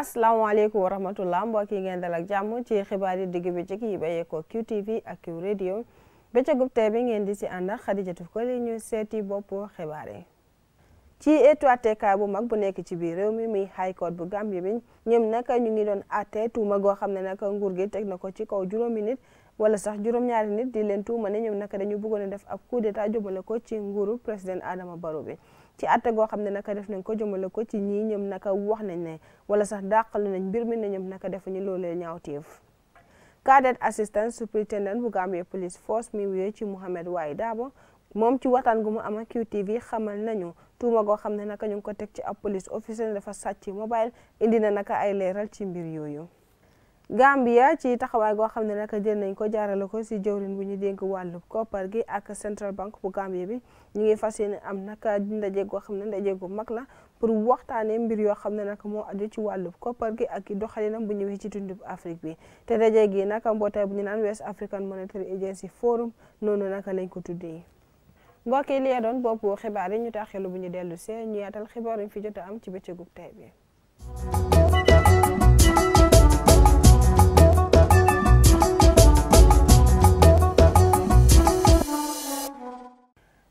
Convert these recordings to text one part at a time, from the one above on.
asalaamaaleykum wa rahmatullah mbokk yi ngeen dal ak jàmm ci xibaar yi digg bëccëg yi bayeekoo QTV ak Q radio bëccëgub tey bi ngeen di si ànd ak Xadijatu ko li ñu seeti bopp xibaar yi ci etu attekaay bu mag bu nekk ci biir réew mi muy high court bu Gambie mi ñoom naka ñu ngi doon atte tuuma goo xam ne naka nguur gi teg na ko ci kaw juróomi nit wala sax juróom-ñaari nit di leen tuuma ne ñoom naka dañu bëggoon a def ab coup d'état jëmale ko ci nguuru président Adama Barrow bi ci àtte goo xam ne naka def nañ ko jëmale ko ci ñii ñoom naka wax nañ ne wala sax dàqalu nañ mbir min ne ñoom naka defu defuñu loolee ñaawteef cadet assistant superintendent bu Gambia police force mi wuyee ci Mohamed Waaye Daabo moom ci waxtaan gu mu am ak QTV xamal nañu tuuma goo xam ne naka ñu ngi ko teg ci ab police officer dafa sàcc mobile indi na naka ay leeral ci mbir yooyu. Gambia ci taxawaay goo xam ne nag jël nañ ko jaarale ko si jëwrin bu ñu dénk wàllu koppar gi ak Central Bank bu Gambia bi ñu ngi fas yéene am nag ndaje goo xam ne ndaje gu mag la pour waxtaanee mbir yoo xam ne nag moo aju ci wàllu koppar gi ak doxalinam bu ñëwee ci tundub Afrique bi te ndaje gi nag mbootaay bu ñu naan West African Monetary Agency Forum noonu naka lañ ko tuddee. mbokk yi li doon boppu xibaar yi ñu taxilu bu ñu dellu see ñu yaatal xibaar yi fi jot a am ci bëccëgub tey bi.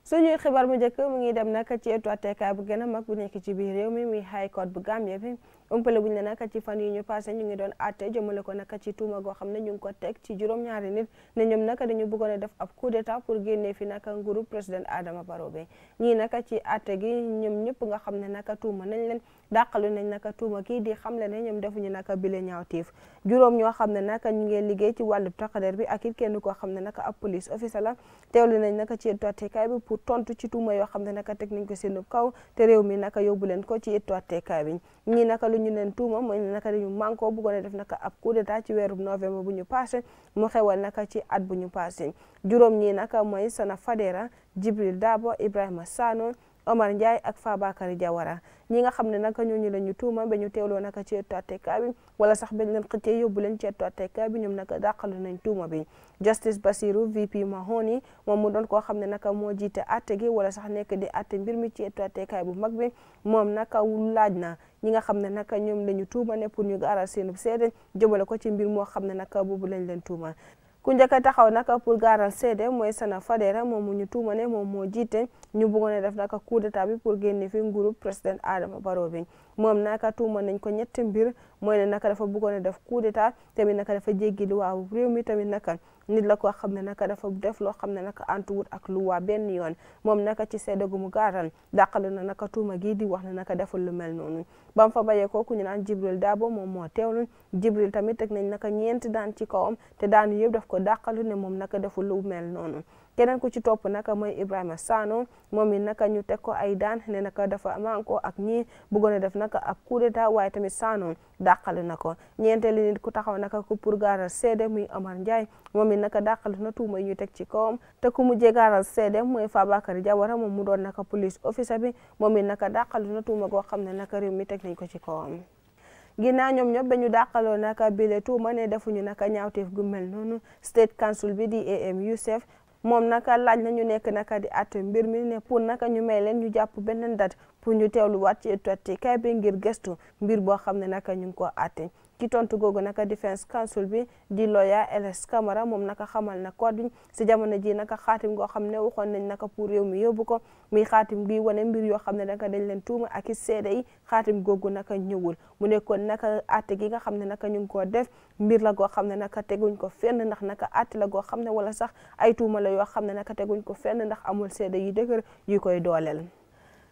suñuy xibaar mu njëkk mu ngi dem nag ci ëttu àttekaay bu gën a mag bu nekk ci biir réew mi muy high court bu Gambie bi umpale buñ la nag ci fan yi ñu passé ñu ngi doon àtte jëmale ko nag ci tuma goo xam ne ñu ngi ko teg ci juróom-ñaari nit ne ñoom nag dañu bëggoon a def ab coup ta pour génnee fi nag nguuru président Adama Barrow bi ñii nag ci àtte gi ñoom ñëpp nga xam ne nag tuuma nañ leen dàqalu nañ naka tuuma kii di xamle ne ñoom defuñu naka bile ñaawteef juróom ñoo xam ne naka ñu ngeen liggéey ci wàllu taqadeer bi ak it kenn koo xam ne naka ab police officer la teewlu nañ naka ci ittoatteekaay bi pour tontu ci tuuma yoo xam ne naka teg nañ ko seen kaw te réew mi naka yóbbu leen ko ci ittoatteekaay bi ñii naka lu ñu leen tuuma mooy naka dañu mànkoo bëggoon a def naka ab coup d'état ci weeru novembre bu ñu passé mu xewal naka ci at bu ñu passé juróom ñi naka mooy Sana Fadera Jibril Dabo Ibrahima Sano Omar Ndiaye ak Fabakary Diawara ñi nga xam ne naka ñooñu la ñu tuuma ba ñu teewloo naka ci ettu àtteekaay bi wala sax bañ leen xëccee yóbbu leen ci ettu àtteekaay bi ñoom naka dàqalu nañ tuuma bi Justice Basiru VP Mahoney moom mu doon koo xam ne naka moo jiite àtte gi wala sax nekk di àtte mbir mi ci ettu àtteekaay bu mag bi moom naka laaj na ñi nga xam ne naka ñoom la ñu tuuma ne pour ñu gaaral seenub seede jëmale ko ci mbir moo xam ne naka boobu lañ leen tuuma ku njëkk a taxaw nag pour gaaral seede Sana Fadera moom mu ñu tuuma ne moom moo jiite ñu bëggoon a def nag coup d'état pour génne fi nguuru président Adama Barrow bi moom naka tuuma nañ ko ñetti mbir mooy ne naka dafa bëggoon a def coup d'état tamit naka dafa jéggi luwaa bu réew mi tamit naka nit la koo xam ne naka dafa def loo xam ne naka antuwut ak luwaa benn yoon moom naka ci seddagu gaaral dàqalu na naka gii di wax ne naka deful lu mel noonu bam fa bayee ku ñu naan Jibril Daabo moom moo teewlu Jibril tamit teg nañ naka ñeenti daan ci kawam te daan yëpp daf ko dàqalu ne moom naka deful lu mel noonu keneen ku ci topp naka mooy Ibrahima Sano moom it naka ñu teg ko ay daan ne naka dafa manko ak ñi bëggoon a def naka naka ak da d'état waaye tamit saanoo dàqali na ko ñeenteeli nit ku taxaw naka ko pour gaaral seede muy Omar Ndiaye mo it na dàqali na tuuma yi ñu teg ci kawam te ku mujjee gaaral seede mooy Fabakary Jawara moom mu doon naka police officer bi mo it naka dàqali na tuuma goo xam ne na réew mi teg nañ ko ci kawam. ginnaaw ñoom ñëpp dañu dàqaloo naka bile tuuma ne defuñu na ñaawteef gu mel noonu state council bi di am mo na naka laaj na ñu nekk naka di àtt mi ne pour na ñu may leen ñu jàpp beneen date pour ñu teewluwaat ci tottikaay bi ngir gëstu mbir boo xam ne naka ñu ngi ko àtte ci tontu googu naka defense counsel bi di lawyer LS Camara moom naka xamal na code bi si jamono ji naka xaatim goo xam ne waxoon nañ naka pour réew mi yóbbu ko muy xaatim gi wane mbir yoo xam ne naka dañ leen tuuma ak i seede xaatim googu naka ñëwul mu nekkoon naka àtte gi nga xam ne naka ñu ngi koo def mbir la goo xam ne naka teguñ ko fenn ndax naka àtte la goo xam ne wala sax ay tuuma la yoo xam ne naka teguñ ko fenn ndax amul seede yu dëgër yu koy dooleel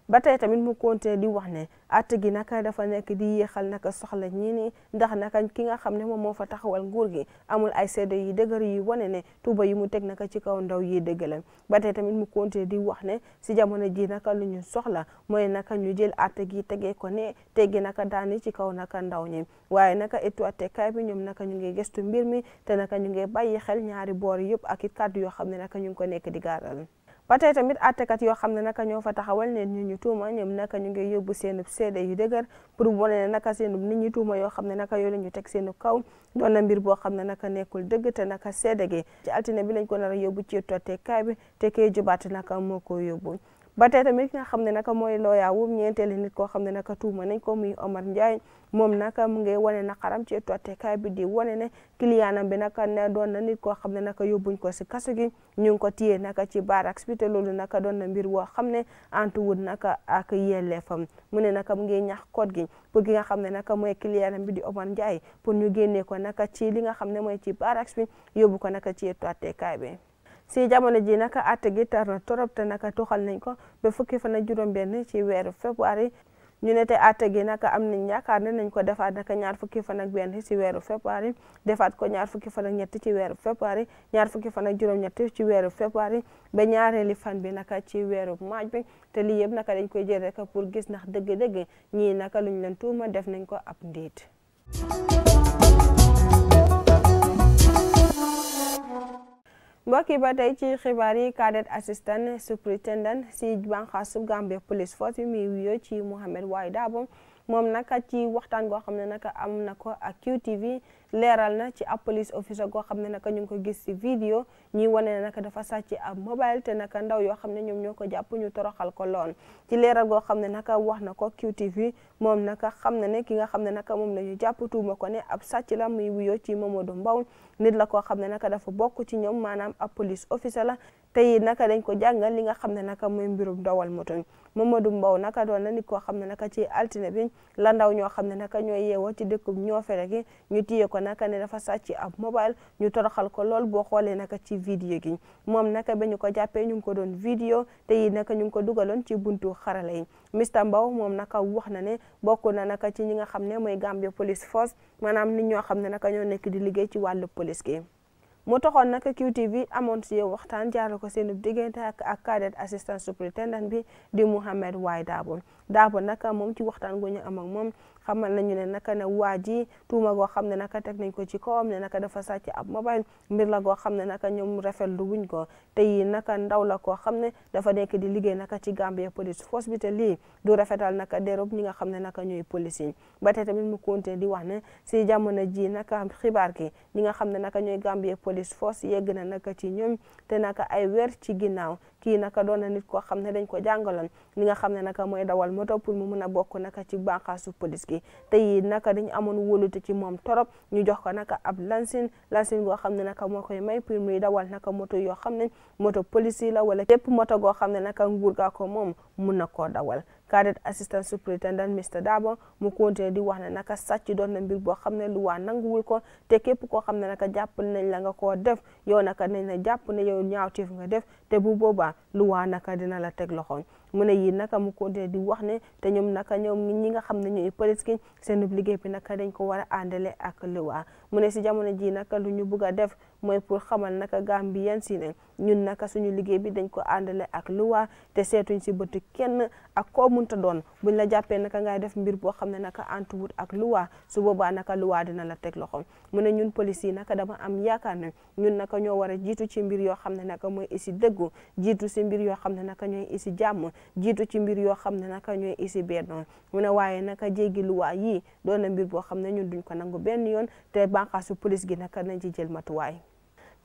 ba tey tamit mu continué di wax ne att gi naka dafa nekk di yéexal naka soxla ñii ni ndax naka ki nga xam ne moom moo fa taxawal nguur gi amul ay seede yi dëgër yi wane ne tuba yi mu teg naka ci kaw ndaw yi dëgg la ba tey tamit mu continué di wax ne si jamono ji naka lu ñu soxla mooy naka ñu jël att gi tegee ko ne teggi naka daani ci kaw naka ndaw ñi waaye naka étu attekaay bi ñoom naka ñu ngi gëstu mbir mi te naka ñu ngi bàyyi xel ñaari boor yëpp ak it kàddu yoo xam ne naka ñu ngi ko nekk di gaaral ba tey tamit àttekat yoo xam ne naka ñoo fa taxawal ne nit ñu tuuma ñoom naka ñu ngi yóbbu seen seede yu dëgër pour wane ne naka seen nit ñu tuuma yoo xam ne naka yoo la ñu teg seen kaw doon na mbir boo xam ne naka nekkul dëgg te naka seede gi ci altine bi lañ ko nar a yóbbu ci totteekaay bi te kay jubaat naka moo ko yóbbu ba tey tamit ki nga xam ne naka mooy looyaa wu ñeenteeli nit koo xam ne naka tuuma nañ ko muy Omar Ndiaye moom naka mu ngi wane naqaram ci tottekaay bi di wane ne kiliyaanam bi naka ne doon na nit koo xam ne naka yóbbuñ ko si kaso gi ñu ngi ko téye naka ci barracks bi te loolu naka doon na mbir woo xam ne antuwut naka ak yelleefam fam mune naka mu ngi ñax code gi pour ki nga xam ne naka mooy kiliyanam bi di Omar Ndiaye pour ñu génnee ko naka ci li nga xam ne mooy ci barracks bi yóbbu ko naka ci bi si jamono ji naka àtte gi tar na torop te naka tuxal nañ ko ba fukki fan ak juróom-benn ci weeru février ñu ne te àtte gi naka am nañ yaakaar ne nañ ko defaat naka ñaar fukki fan ak benn ci weeru février defaat ko ñaar fukki fan ak ñett ci weeru février ñaar fukki fan ak juróom-ñett ci weeru février ba ñaareeli fan bi naka ci weeru maaj bi te li yëpp naka dañ koy jël rek pour gis ndax dëgg-dëgg ñii naka luñ leen tuuma def nañ ko ab ndiit mbokk yi ba tey ci xibaar yi cadet assistant superintendent si bànqaasu Gambia police force bi muy wuyoo ci Mohamed Waye Dabo moom nag ci waxtaan goo xam ne nag am na ko ak QTV leeral na ci ab police officer goo xam ne nag ñu ngi ko gis ci vidéo ñuy wane ne nag dafa sàcc ab mobile te nag ndaw yoo xam ne ñoom ñoo ko jàpp ñu toroxal ko loon ci leeral goo xam ne nag wax na ko QTV moom nag xam na ne ki nga xam ne nag moom la ñu jàpp ko ne ab sàcc la muy wuyoo ci Momodou Mbow nit la koo xam ne nag dafa bokk ci ñoom maanaam ab police officer la tey naka dañ ko jàngal li nga xam ne naka muy mbirum dawal moto mi Mamadou Mbow naka doon na nit koo xam ne naka ci altine bi la ndaw ñoo xam ne naka ñooy yeewoo ci dëkkub Ñoofere gi ñu téye ko naka ne dafa sàcc ab mobile ñu toroxal ko lool boo xoolee naka ci vidéo gi moom naka ba ñu ko jàppee ñu ngi ko doon vidéo te naka ñu ngi ko dugaloon ci buntu xarala yi mista Mbow moom naka wax na ne bokk na naka ci ñi nga xam ne mooy Gambia Police Force maanaam nit ñoo xam ne naka ñoo nekk di liggéey ci wàllu police gi moo taxoon nag QTV amoon si yow waxtaan jaarale ko seen diggante ak ak cadet assistant superintendent bi di Mouhamed Waye Dabo Dabo nag moom ci waxtaan gu ñu am ak moom xamal nañu ne naka ne waa ji tuuma goo xam ne naka teg nañ ko ci kawam ne naka dafa sàcc ab mobile mbir la goo xam ne naka ñoom rafetlu wuñ ko te naka ndaw la koo xam ne dafa nekk di liggéey naka ci Gambia police force lii du rafetal naka dérob ñi nga xam ne naka ñooy police ba tey tamit mu continué di wax si jamono ji naka xibaar gi ñi nga xam ne naka ñooy Gambia police force yegg na naka ci ñoom te naka ay weer ci ginnaaw kii naka doon na nit koo xam ne dañ ko jàngaloon li nga xam ne naka mooy dawal moto pour mu mun a bokk naka ci bànqaasu police gi te yi naka dañ amoon wóolute ci moom torop ñu jox ko naka ab lansin lansin goo xam ne naka moo koy may pour muy dawal naka moto yoo xam ne moto police la wala képp moto goo xam ne naka nguur gaa ko moom mun na koo dawal cadet assistant superintendent Mr Dabo mu continué di wax ne naka sàcc doon na mbir boo xam ne lu waa nanguwul ko te képp koo xam ne naka jàpp nañ la nga koo def yow naka nañ la jàpp ne yow ñaawteef nga def te bu boobaa lu waa naka dina la teg loxoon mu ne yii naka mu continué di wax ne te ñoom naka ñoom ñi nga xam ne ñooy politique seen liggéey bi naka dañ ko war a àndale ak luwaa mu ne si jamono ji naka lu ñu bugg a def mooy pour xamal naka Gambien si ne ñun naka suñu liggéey bi dañ ko àndale ak luwa te seetuñ si bëtu kenn ak koo munta doon buñ la jàppee naka ngay def mbir boo xam ne naka wut ak luwaa su boobaa naka luwaa dina la teg loxo mu ne ñun police yi naka dama am yaakaar ne ñun naka ñoo war a jiitu ci mbir yoo xam ne naka mooy isi dëggu jiitu si mbir yoo xam ne naka ñooy isi jàmm jiitu ci mbir yoo xam ne naka ñooy isi bennoon mu ne waaye naka jéggi luwaa yii doon na mbir boo xam ne ñun duñ ko nangu benn yoon te bànqaasu police gi naka nañ ci jël matuwaay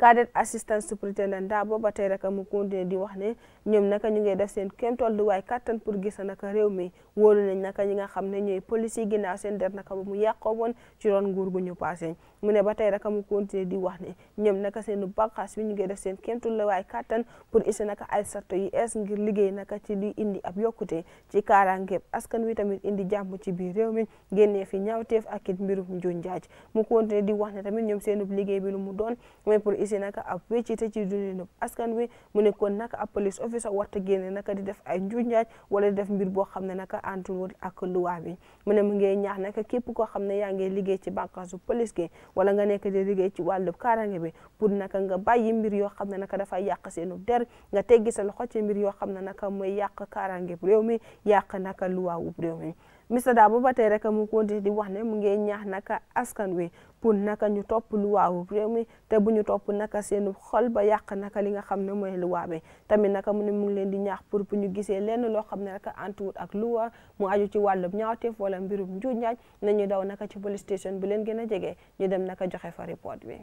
cadet assistant superintendent Dabo ba tey rek mu continué di wax ne ñoom naka ñu ngi def seen kéem tolluwaay kattan pour gis naka réew mi wóolu nañ naka ñi nga xam ne ñooy police yi ginnaaw seen der naka ba mu yàqoo woon ci roon nguur gu ñu passé mu ne ba tey rek mu continué di wax ne ñoom naka seen bànqaas bi ñu ngi def seen kéem tolluwaay kattan pour isi naka ay sarto yi es ngir liggéey naka ci li indi ab yokkute ci kaaraangeeb askan wi tamit indi jàmm ci biir réew mi génnee fi ñaawteef ak it mbirum njuñ jaaj mu continué di wax ne tamit ñoom seen liggéey bi lu mu doon gisee naka ab wéccite ci dundinu askan wi mu ne kon a ab police officer warta génne naka di def ay njuuj njaaj wala di def mbir boo xam ne naka antuwul ak luwaa bi mu ne mu ngi ñaax naka képp koo xam ne yaa ngi liggéey ci bànqaasu police gi wala nga nekk di liggéey ci wàllu kaaraange bi pour naka nga bàyyi mbir yoo xam ne naka dafay yàq seenu der nga teggi sa loxo ci mbir yoo xam ne naka mooy yàq kaaraange bu mi yàq naka luwaa wu réew mi Mr Dabo ba tey rek mu continué di wax ne mu ngi ñaax naka askan wi pour naka ñu topp luwaawu réew mi te bu ñu topp naka seen xol ba yàq naka li nga xam ne mooy luwaa bi tamit naka mu ne mu leen di ñaax pour bu ñu gisee lenn loo xam ne rek antuwut ak luwa mu aju ci wàllub ñaawteef wala mbirum njuuj njaaj nañu daw naka ci police station bu leen gën a jege ñu dem naka joxe fa report bi.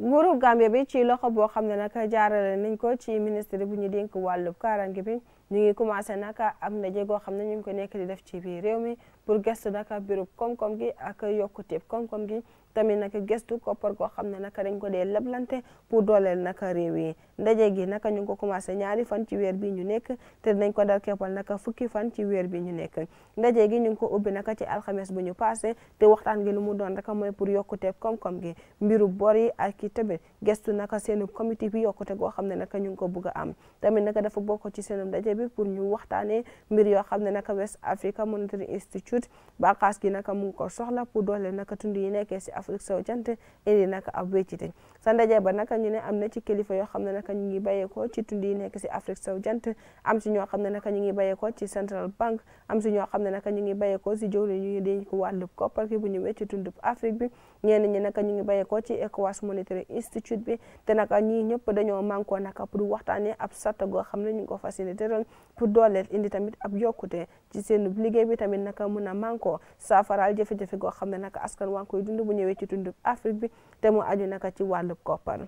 nguurub Gambia bi ci loxo boo xam ne nag jaarale nañ ko ci ministre bu ñu dénk wàllub kaarange bi. ñu ngi commencé naka am na go xam ne ñu ngi ko nekk di def ci biir réew mi pour gëstu naka birub koom-koom gi ak yokkuteeb koom-koom gi tamit naka gëstu koppar goo xam ne naka dañ ko dee leblante pour dooleel naka réew yi ndaje gi naka ñu ngi ko commencé ñaari fan ci weer bi ñu nekk te dinañ ko dal keppal naka fukki fan ci weer bi ñu nekk ndaje gi ñu ngi ko ubbi naka ci alxames bu ñu passé te waxtaan gi lu mu doon rek mooy pour yokkuteeb koom-koom gi mbiru bor yi ak ki tamit gëstu naka seenu comité bi yokkute goo xam ne naka ñu ngi ko bugg am tamit naka dafa bokk ci seenu ndaje bi pour ñu waxtaanee mbir yoo xam ne naka West Africa Monetary Institute bànqaas gi naka mu ngi ko soxla pour doole naka tund yi nekkee si Afrique sowu jant indi naka ab wéccite sa ndaje ba naka ñu ne am na ci kilifa yoo xam ne naka ñu ngi bàyyeekoo ci tund yi nekk si Afrique sowu jant am si ñoo xam ne naka ñu ngi bàyyeekoo ci Central Bank am si ñoo xam ne naka ñu ngi bàyyeekoo si jëwli ñu ngi dénk wàllub koppar gi bu ñu wecc tundub Afrique bi ñenn ñi naka ñu ngi bàyyeekoo ci ECOWAS Monetary Institute bi te naka ñii ñëpp dañoo mànkoo naka pour waxtaanee ab satta goo xam ne ñu ngi ko fas yéene pour dooleel indi tamit ab yokkute ci seen liggéey bi tamit naka mun a manko saafaraal jafe-jafe goo xam ne naka askan waa ngi koy bu ñëwee ci tundub Afrique bi te mu aju naka ci wàllub koppar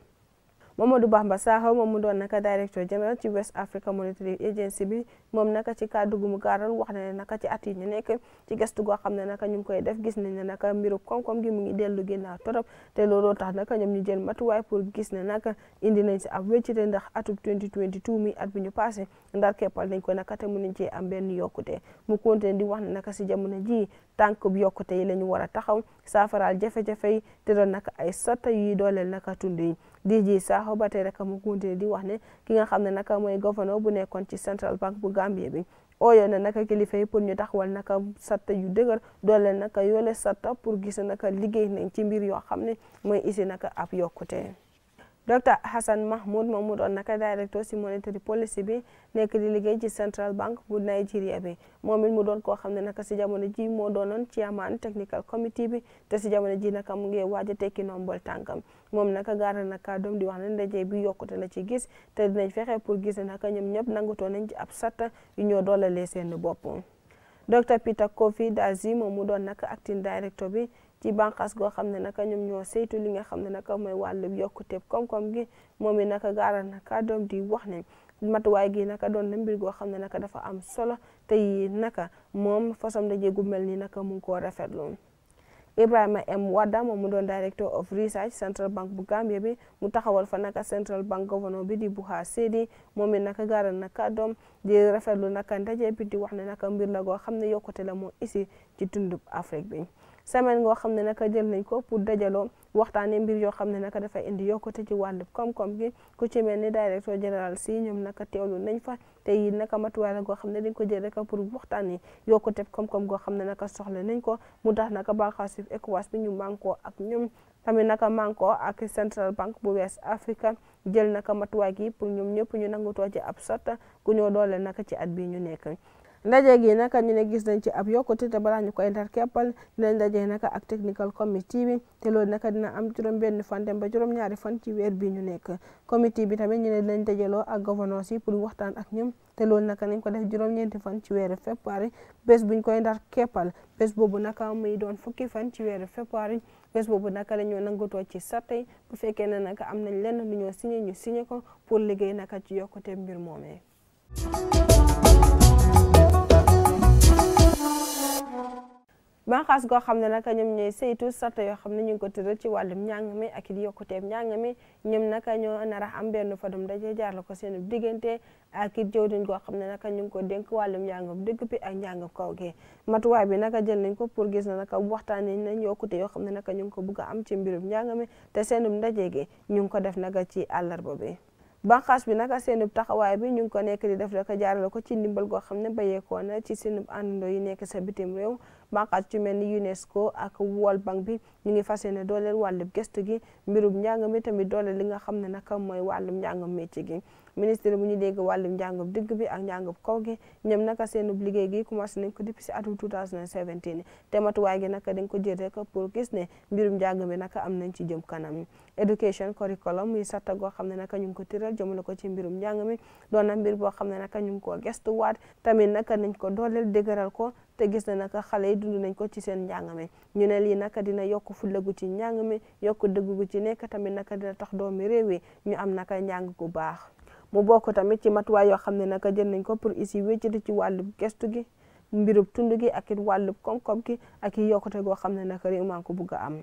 Mamadou Bamba Sakho moom mu doon naka directeur général ci West Africa Monetary Agency bi moom naka ci kàddu gu mu gaaral na ne naka ci at yi ñu nekk ci gëstu goo xam ne naka ñu ngi koy def gis nañ ne naka mbiru koom-koom gi mu ngi dellu ginnaaw torop te looloo tax naka ñoom ñu jël matuwaay pour gis ne naka indi nañ si ab wéccite ndax atub 2022 mi at bi ñu passé ndar keppal nañ ko naka te mënuñ cee am benn yokkute mu continué di wax ne naka si jamono ji tànk yokkute yi la ñu war a taxaw saafaraal jafe-jafe yi te ay sotta yuy dooleel naka tund yi Sakho ba tey rek mu continué di wax ne ki nga xam ne naka mooy gouverneur bu nekkoon ci Central Bank bu Gambie bi ooyoon na naka kilifa yi pour ñu taxawal naka satta yu dëgër doole naka yoole satta pour gis naka liggéey nañ ci mbir yoo xam ne mooy isi naka ab yokkute. Dr Hassan Mahmoud moom mu doon naka directeur ci monetary policy bi nekk di liggéey ci central bank bu Nigeria bi moom mu doon koo xam ne naka ci jamono ji moo doonoon chairman technical committee bi te ci jamono ji naka mu ngi waaj a tekki nombol tànkam moom naka gaara na kàddoom di wax da je bi yokkute na ci gis te dinañ fexe pour gis naka ñoom ñëpp nangatoo nañ ci ab satta yu ñoo doolalee seen bopp. Dr Peter Kofi Dazi moom mu doon naka acting director bi. ci bànqaas goo xam ne naka ñoom ñoo saytu li nga xam ne naka mooy wàllu yokkuteeb koom-koom gi moom it naka gaaral na kàddoom di wax ne matuwaay gi naka doon na mbir goo xam ne naka dafa am solo te yi naka moom façon ndaje mel ni naka mu ngi koo rafetlu Ibrahima M Wada moom mu doon director of research central bank bu Gambia bi mu taxawal fa naka central bank governor bi di Buha Sedi moom it naka gaaral na kàddoom di rafetlu naka ndaje bi di wax ne naka mbir la goo xam ne yokkute la moo isi ci tundub Afrique bi. semaine ngoo xam ne naka jël nañ ko pour dajaloo waxtaanee mbir yoo xam ne naka dafay indi yokkute ci wàllu koom-koom gi ku ci mel ni directeur général si ñoom naka teewlu nañ fa te na naka matuwaay la goo xam ne dañ ko jël rek pour waxtaanee yokkute koom-koom goo xam ne naka soxla nañ ko mu tax naka bànqaas ECOWAS bi ñu mànkoo ak ñoom tamit naka mànkoo ak Central Bank bu West Africa jël naka matuwaay gi pour ñoom ñëpp ñu nangutoo ci ab sotta gu ñoo doole naka ci at bi ñu nekk ndaje gi naka ni ne gis nañ ci ab yokkute te balaa ñu koy ndar keppal dinañ ndaje naka ak technical committee bi te loolu naka dina am juróom benn fan dem ba juróom ñaari fan ci weer bi ñu nekk committee bi tamit ñu ne dinañ dajaloo ak gouvernance yi pour waxtaan ak ñoom te loolu naka nañ ko def juróom-ñeenti fan ci weeru february bés buñ koy ndar keppal bés boobu naka muy doon fukki fan ci weeru february bés bu naka dañoo nangatoo ci sartey bu fekkee ne naka am nañ lenn lu ñoo signé ñu signé ko pour liggéey naka ci yokkute mbir moomee banqaas goo xam ne nag ñoom ñooy saytu sarta yoo xam ne ñu ngi ko tëral ci wàllum njàng mi ak it yokkuteem njàng mi ñoo nar am benn fadum daje jaar la ko seen diggante ak it jëwriñ goo xam ne nag ñu ngi ko dénk wàllum njàngam dëgg bi ak njàngam kaw gi matuwaay bi nag jël nañ ko pour gis na nag waxtaanee nañ yokkute yoo xam ne nag ñu ngi ko bëgg am ci mbirum njàng te seenum ndaje ñu ngi ko def nag ci àllarba bi banqaas bi nag seenub taxawaay bi ñu ngi ko nekk di def rek jaarale ko ci ndimbal goo xam ne bayeekoo na ci seenub àndandoo yi nekk sa bitim réew banqaas ci mel ni UNESCO ak World Bank bi ñu ngi fas yéene dooleel wàllum gëstu gi mbirum njàng mi tamit dooleel li nga xam ne naka mooy wàllum njàngam métier gi ministre bu ñu dégg wàllum njàngub digg bi ak njàngub kaw gi ñoom naka seen liggéey gi commencé nañ ko depuis si atum 2017 te matuwaay gi naka dañ ko jël rek pour gis ne mbirum njàng mi naka am nañ ci jëm kanam education curriculum muy sarta goo xam ne naka ñu ngi ko tëral jëmale ko ci mbirum njàng mi doon na mbir boo xam ne naka ñu ngi ko gestuwaat tamit naka nañ ko dooleel dëgëral ko te gis na naka xale yi dund nañ ko ci seen njàng mi ñu ne lii naka dina yokk fullagu ci njàng mi yokk dëggu ci nekk tamit naka dina tax doomi réew yi ñu am naka njàng gu baax mu bokk tamit ci matuwaay yoo xam ne naka jël nañ ko pour ici wéccati ci wàllub gestu gi mbirub tund gi ak it wàllub koom-koom gi ak i yokkute goo xam ne naka réew maa ko bugg a am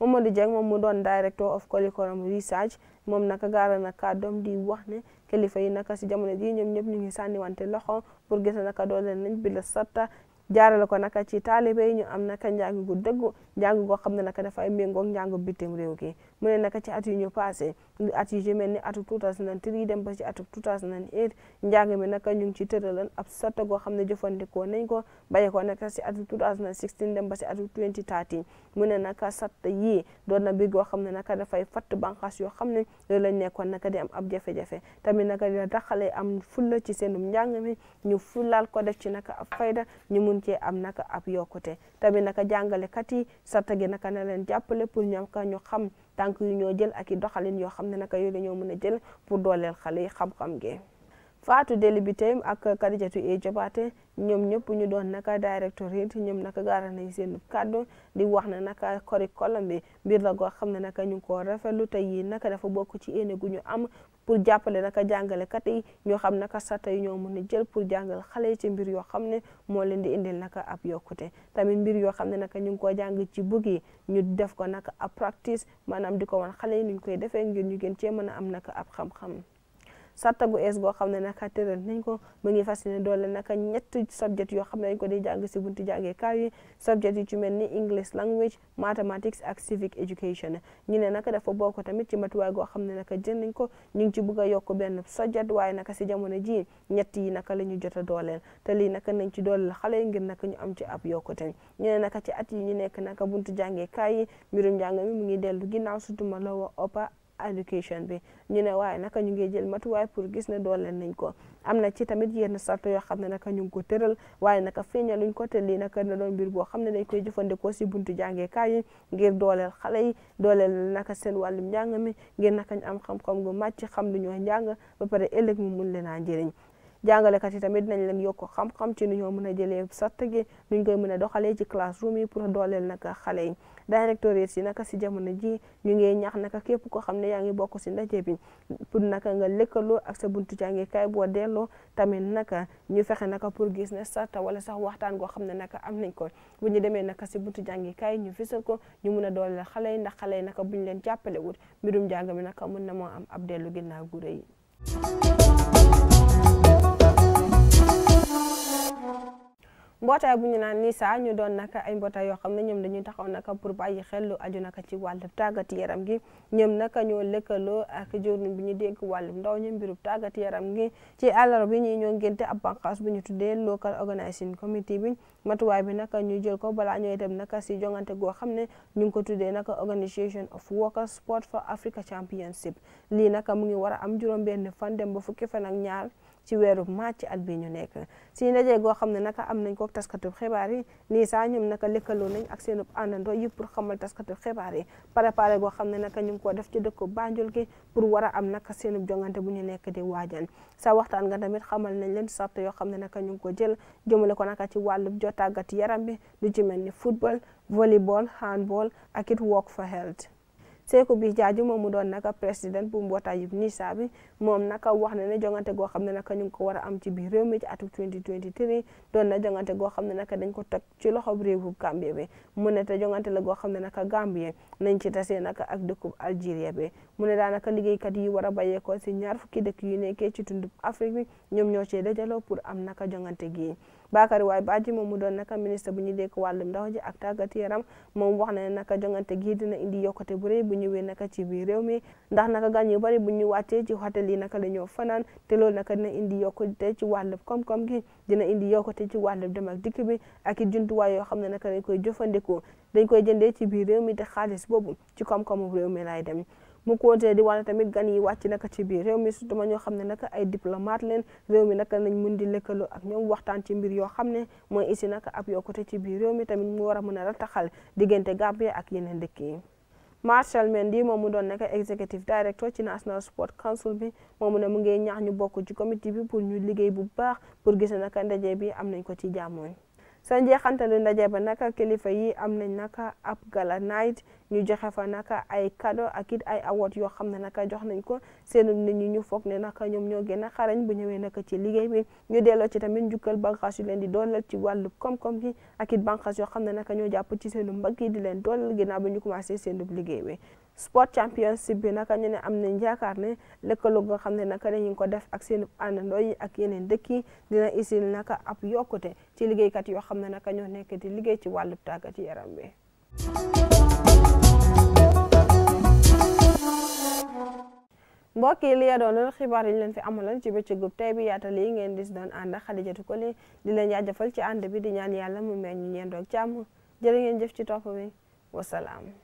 Mamadou Dieng moom mu doon director of curriculum research moom naka gaara na kàddoom di wax ne kilifa yi naka si jamono ji ñoom ñëpp ñu ngi wante loxo pour gis naka doole nañ bi la sarta jaarale ko naka ci taalibe yi ñu am naka njàng gu dëggu njàng goo xam ne naka dafay méngoog njàngu bitim réew gi mu ne naka ci at yu ñu passé at yu ci mel ni atu 2003 dem ba ci atu 2008 njàng mi naka ñu ngi ci tëralan ab sotta goo xam ne jëfandikoo nañ ko bàyyi ko naka si atu 2016 dem ba si atu 2013 mu ne naka satt yii doon na biir goo xam ne naka dafay fatt banqaas yoo xam ne yooyu lañ nekkoon naka di am ab jafe-jafe tamit naka di taxale am fulla ci seenum njàng mi ñu fullaal ko def ci naka ab fayda ñu mun cee am naka ab yokkute tamit naka jàngalekat yi satt gi naka na leen jàppale pour ñoom ñu xam tànk yu ñoo jël ak doxalin yoo xam ne naka yooyu dañoo mën a jël pour dooleel xale yi xam-xam faatu Fatou Deli Bitèye ak Khadijatou E Jobaate ñoom ñëpp ñu doon naka directorate ñoom naka gaara nañ seen kàddu di wax na naka curriculum bi mbir la goo xam ne naka ñu ngi koo rafetlu te yi naka dafa bokk ci yéene gu ñu am pour jàppale naka jàngalekat yi ñoo xam naka sarta yi ñoo mën a jël pour jàngal xale yi ci mbir yoo xam ne moo leen di indil naka ab yokkute tamit mbir yoo xam ne naka ñu ngi koo jàng ci bug yi ñu def ko naka ab practice maanaam di ko wan xale yi nuñ koy defee ngir ñu gën cee mën a am naka ab xam sartagu es goo xam ne naka tëral nañ ko mu ngi fas yéene doole naka ñetti subject yoo xam ne dañ ko di jàng si buntu jàngee kaay yi subject yi ci mel ni English language mathematics ak civic education ñu ne naka dafa bokk tamit ci matuwaay goo xam ne naka jël nañ ko ñu ngi ci bugg a yokk benn subject waaye naka si jamono ji ñett yi naka la ñu jot a dooleel te lii naka nañ ci dooleel xale yi ngir naka ñu am ci ab yokkute ñu ne naka ci at yi ñu nekk naka buntu jàngee kaay yi mbirum jàng mi mu ngi dellu ginnaaw surtout ma lowa oppa éducation bi ñu ne naka ñu ngi jël matuwaay pour gis ne doole nañ ko am na ci tamit yenn sarta yoo xam ne na ñu ngi ko tëral waaye naka feeñaluñ ko te lii naka na doon mbir boo xam ne dañ koy jëfandikoo si buntu jàngeekaay yi ngir dooleel xale yi dooleel naka seen wàllum njàng mi ngir naka am xam-xam gu màcc xam lu ñoo njàng ba pare ëllëg mu mun leen a njëriñ jàngalekat yi tamit nañ leen yokk xam-xam ci nu ñoo mën a jëlee sart gi nuñ koy mën a doxalee ci classroom yi pour dooleel naka xale yi directeurs yi naka si jamono ji ñu ngi ñaax naka képp koo xam ne yaa ngi bokk si ndaje bi pour naka nga lëkkaloo ak sa buntu jàngekaay boo delloo tamit naka ñu fexe naka pour gis ne sarta wala sax waxtaan goo xam ne naka am nañ ko bu ñu demee naka si buntu jàngekaay ñu fisal ko ñu mun a doole xale yi ndax xale yi naka bu ñu leen jàppale wut mbirum mi naka mun na moo am ab dellu ginnaaw gu yi mbootaay bu ñu naan NISA ñu doon naka ay mbootaay yoo xam ne ñoom dañuy taxaw naka pour bàyyi xel lu naka ci wàllu tàggat yaram gi ñoom naka ñoo lëkkaloo ak journée bi ñu dénk wàllu ndaw ñu mbirub tàggat yaram gi ci àllarba bi ñuy ñoo ngénte ab bànqaas bu ñu tuddee local organizing committee bi matuwaay bi naka ñu jël ko balaa ñooy dem naka si jongante goo xam ne ñu ngi ko tuddee naka organisation of workers sport for Africa championship lii naka mu ngi war a am juróom benn fan dem ba fukki fan ak ñaar ci weeru màcc at bi ñu nekk si ndaje goo xam ne naka am nañ ko taskatu xibaar yi nii saa ñoom naka lëkkaloo nañ ak seen àndandoo yëpp pour xamal taskatu xibaar yi préparé goo xam ne naka ñu ngi ko def ci dëkku Banjul gi pour war a am naka seen jongante bu ñu nekk di waajal sa waxtaan nga tamit xamal nañ leen sart yoo xam ne naka ñu ngi ko jël jëmale ko naka ci wàllub jo tàggat yaram bi lu ci mel ni football volleyball handball ak it walk for health Seeku bi jaaju moom mu doon naka président bu mbootaayu NISA bi moom naka wax na ne jongante goo xam ne naka ñu ngi ko war am ci biir réew mi ci atum 2023 doon na jongante goo xam ne naka dañ ko teg ci loxob réewu Gambie bi mu ne te jongante la goo xam ne naka Gambie nañ ci tasee naka ak dëkkub Algérie bi mu ne daanaka liggéeykat yi war a bàyyeekoo si ñaar fukki dëkk yu nekkee ci tundub Afrique bi ñoom ñoo cee dajaloo pour am naka jongante gi Bakary Waay Badji moom mu doon naka ministre bu ñu dénk wàllum ndaw ji ak tàggat yaram moom wax na ne naka jongante gi dina indi yokkute bu rëy bu ñëwee naka ci biir réew mi ndax naka gan yu bari bu ñu wàccee ci hôtel naka la ñoo fanaan te loolu naka dina indi yokkute ci wàllum koom-koom gi dina indi yokkute ci wàllum dem ak dikk bi aki i jumtuwaay yoo xam ne naka dañ koy jëfandikoo dañ koy jëndee ci biir réew mi te xaalis boobu ci koom-koomu réew mi lay mu continué di wane tamit gan yi wàcc naka ci biir réew mi surtout ma ñoo xam ne naka ay diplomate leen réew mi naka nañ mën di lëkkaloo ak ñoom waxtaan ci mbir yoo xam ne mooy isi naka ab yokkute ci biir réew mi tamit mu war a mën a rataxal diggante Gambie ak yeneen dëkk yi Marshal Mendy moom mu doon nekk executive director ci National Sport Council bi moom mu ne mu ngi ñaax ñu bokk ci comité bi pour ñu liggéey bu baax pour gis naka ndaje bi am nañ ko ci jàmmoon sa njeexantalu ndaje ba naka kilifa yi am nañ naka ab gala night yu joxe fa naka ay cadeau ak it ay award yoo xam ne naka jox nañ ko seen nit ñi ñu foog ne naka ñoom ñoo gën a xarañ bu ñëwee naka ci liggéey bi ñu delloo ci tamit njukkal banqaas yu leen di doolal ci wàllu koom-koom bi ak it banqaas yoo xam ne naka ñoo jàpp ci seenu mbagg yi di leen doolal ginnaaw ñu commencé seenu liggéey bi sport championship bi naka ñu ne am nañ yaakaar ne lëkkaloo nga xam ne naka dañu ko def ak seen àndandoo yi ak yeneen dëkk yi dina isil naka ab yokkute ci liggéeykat yoo xam ne naka ñoo nekk di liggéey ci wàllu tàggat yaram bi mbokk yi li ya doonoon xibaar yi ñu leen fi amaloon ci bëccëgub tey bi yaatal yi ngeen dis doon ànd ak Xadijatu Koli di leen jaajëfal ci ànd bi di ñaan yàlla mu me ñu ñeen doog jàmm jërë ngeen jëf ci topp bi wasalaam